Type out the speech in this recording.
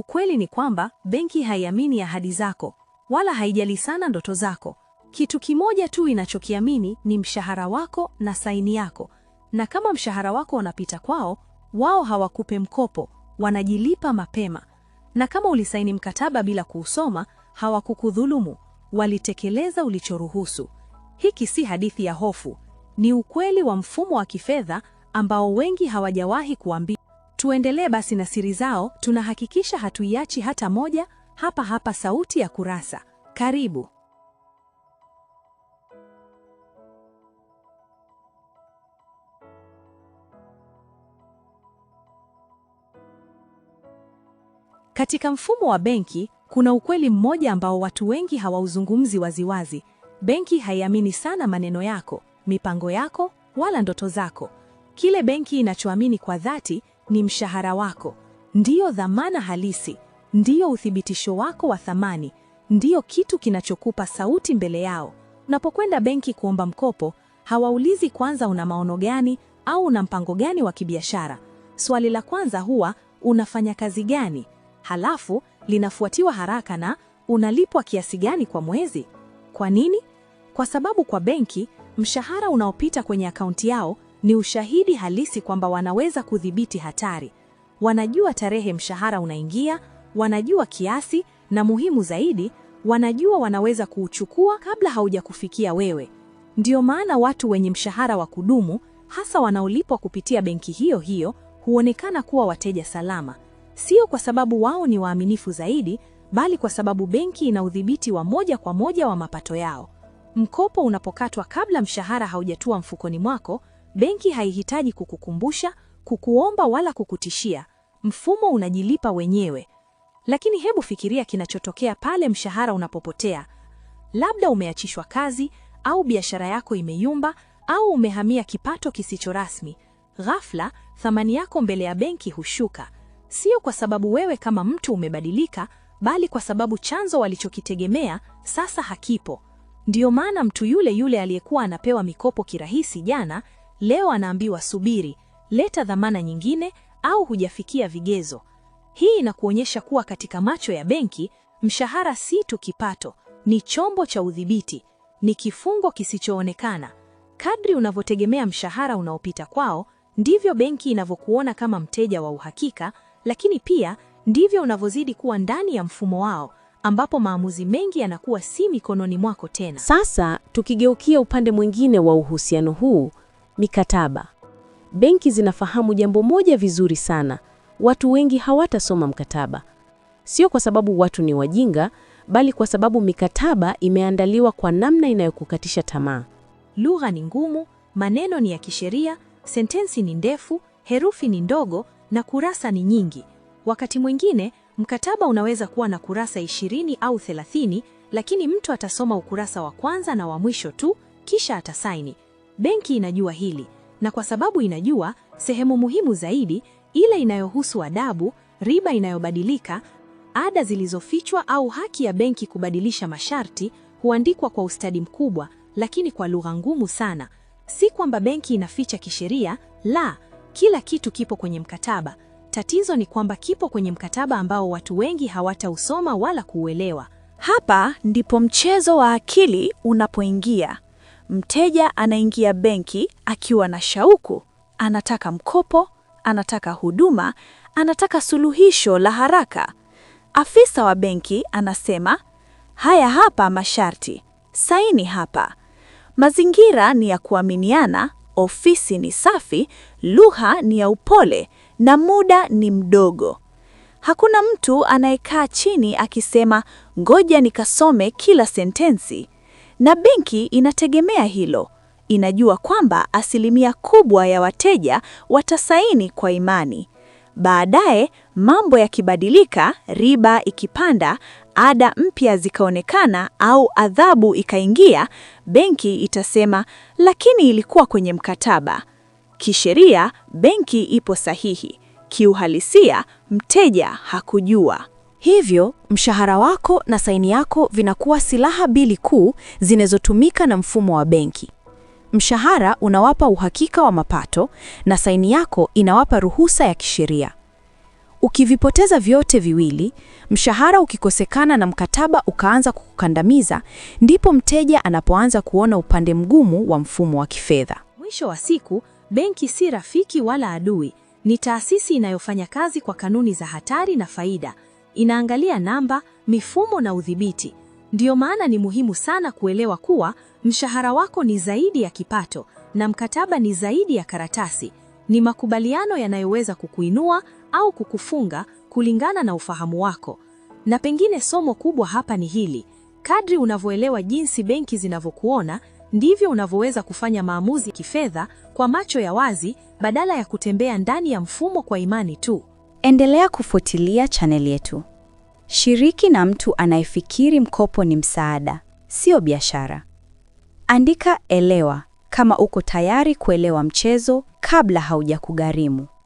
Ukweli ni kwamba benki haiamini ahadi zako wala haijali sana ndoto zako. Kitu kimoja tu inachokiamini ni mshahara wako na saini yako, na kama mshahara wako unapita kwao, wao hawakupe mkopo, wanajilipa mapema. Na kama ulisaini mkataba bila kuusoma, hawakukudhulumu, walitekeleza ulichoruhusu. Hiki si hadithi ya hofu, ni ukweli wa mfumo wa kifedha ambao wengi hawajawahi kuambia Tuendelee basi na siri zao, tunahakikisha hatuiachi hata moja, hapa hapa Sauti ya Kurasa. Karibu. Katika mfumo wa benki kuna ukweli mmoja ambao watu wengi hawauzungumzi waziwazi. Benki haiamini sana maneno yako, mipango yako wala ndoto zako. Kile benki inachoamini kwa dhati ni mshahara wako, ndiyo dhamana halisi, ndiyo uthibitisho wako wa thamani, ndiyo kitu kinachokupa sauti mbele yao. Unapokwenda benki kuomba mkopo, hawaulizi kwanza una maono gani au una mpango gani wa kibiashara. Swali la kwanza huwa unafanya kazi gani? Halafu linafuatiwa haraka na unalipwa kiasi gani kwa mwezi. Kwa nini? Kwa sababu kwa benki mshahara unaopita kwenye akaunti yao ni ushahidi halisi kwamba wanaweza kudhibiti hatari. Wanajua tarehe mshahara unaingia, wanajua kiasi, na muhimu zaidi, wanajua wanaweza kuuchukua kabla haujakufikia wewe. Ndio maana watu wenye mshahara wa kudumu, hasa wanaolipwa kupitia benki hiyo hiyo, huonekana kuwa wateja salama, sio kwa sababu wao ni waaminifu zaidi, bali kwa sababu benki ina udhibiti wa moja kwa moja wa mapato yao. Mkopo unapokatwa kabla mshahara haujatua mfukoni mwako, Benki haihitaji kukukumbusha, kukuomba wala kukutishia. Mfumo unajilipa wenyewe. Lakini hebu fikiria kinachotokea pale mshahara unapopotea. Labda umeachishwa kazi au biashara yako imeyumba au umehamia kipato kisicho rasmi. Ghafla thamani yako mbele ya benki hushuka, sio kwa sababu wewe kama mtu umebadilika, bali kwa sababu chanzo walichokitegemea sasa hakipo. ndio maana mtu yule yule aliyekuwa anapewa mikopo kirahisi jana Leo anaambiwa subiri, leta dhamana nyingine au hujafikia vigezo. Hii inakuonyesha kuwa katika macho ya benki, mshahara si tu kipato, ni chombo cha udhibiti, ni kifungo kisichoonekana. Kadri unavyotegemea mshahara unaopita kwao, ndivyo benki inavyokuona kama mteja wa uhakika, lakini pia ndivyo unavyozidi kuwa ndani ya mfumo wao ambapo maamuzi mengi yanakuwa si mikononi mwako tena. Sasa tukigeukia upande mwingine wa uhusiano huu, Mikataba. Benki zinafahamu jambo moja vizuri sana, watu wengi hawatasoma mkataba. Sio kwa sababu watu ni wajinga, bali kwa sababu mikataba imeandaliwa kwa namna inayokukatisha tamaa. Lugha ni ngumu, maneno ni ya kisheria, sentensi ni ndefu, herufi ni ndogo na kurasa ni nyingi. Wakati mwingine mkataba unaweza kuwa na kurasa ishirini au thelathini, lakini mtu atasoma ukurasa wa kwanza na wa mwisho tu, kisha atasaini. Benki inajua hili, na kwa sababu inajua sehemu muhimu zaidi, ile inayohusu adabu, riba inayobadilika, ada zilizofichwa au haki ya benki kubadilisha masharti, huandikwa kwa ustadi mkubwa, lakini kwa lugha ngumu sana. Si kwamba benki inaficha kisheria, la, kila kitu kipo kwenye mkataba. Tatizo ni kwamba kipo kwenye mkataba ambao watu wengi hawatausoma wala kuuelewa. Hapa ndipo mchezo wa akili unapoingia. Mteja anaingia benki akiwa na shauku, anataka mkopo, anataka huduma, anataka suluhisho la haraka. Afisa wa benki anasema, haya hapa masharti, saini hapa. Mazingira ni ya kuaminiana, ofisi ni safi, lugha ni ya upole na muda ni mdogo. Hakuna mtu anayekaa chini akisema ngoja nikasome kila sentensi na benki inategemea hilo. Inajua kwamba asilimia kubwa ya wateja watasaini kwa imani. Baadaye mambo yakibadilika, riba ikipanda, ada mpya zikaonekana au adhabu ikaingia, benki itasema lakini ilikuwa kwenye mkataba. Kisheria benki ipo sahihi, kiuhalisia mteja hakujua. Hivyo mshahara wako na saini yako vinakuwa silaha mbili kuu zinazotumika na mfumo wa benki. Mshahara unawapa uhakika wa mapato na saini yako inawapa ruhusa ya kisheria. Ukivipoteza vyote viwili, mshahara ukikosekana na mkataba ukaanza kukukandamiza, ndipo mteja anapoanza kuona upande mgumu wa mfumo wa kifedha. Mwisho wa siku, benki si rafiki wala adui, ni taasisi inayofanya kazi kwa kanuni za hatari na faida. Inaangalia namba, mifumo na udhibiti. Ndiyo maana ni muhimu sana kuelewa kuwa mshahara wako ni zaidi ya kipato na mkataba ni zaidi ya karatasi. Ni makubaliano yanayoweza kukuinua au kukufunga kulingana na ufahamu wako. Na pengine somo kubwa hapa ni hili: kadri unavyoelewa jinsi benki zinavyokuona, ndivyo unavyoweza kufanya maamuzi kifedha kwa macho ya wazi badala ya kutembea ndani ya mfumo kwa imani tu. Endelea kufuatilia chaneli yetu. Shiriki na mtu anayefikiri mkopo ni msaada, sio biashara. Andika elewa kama uko tayari kuelewa mchezo kabla haujakugharimu.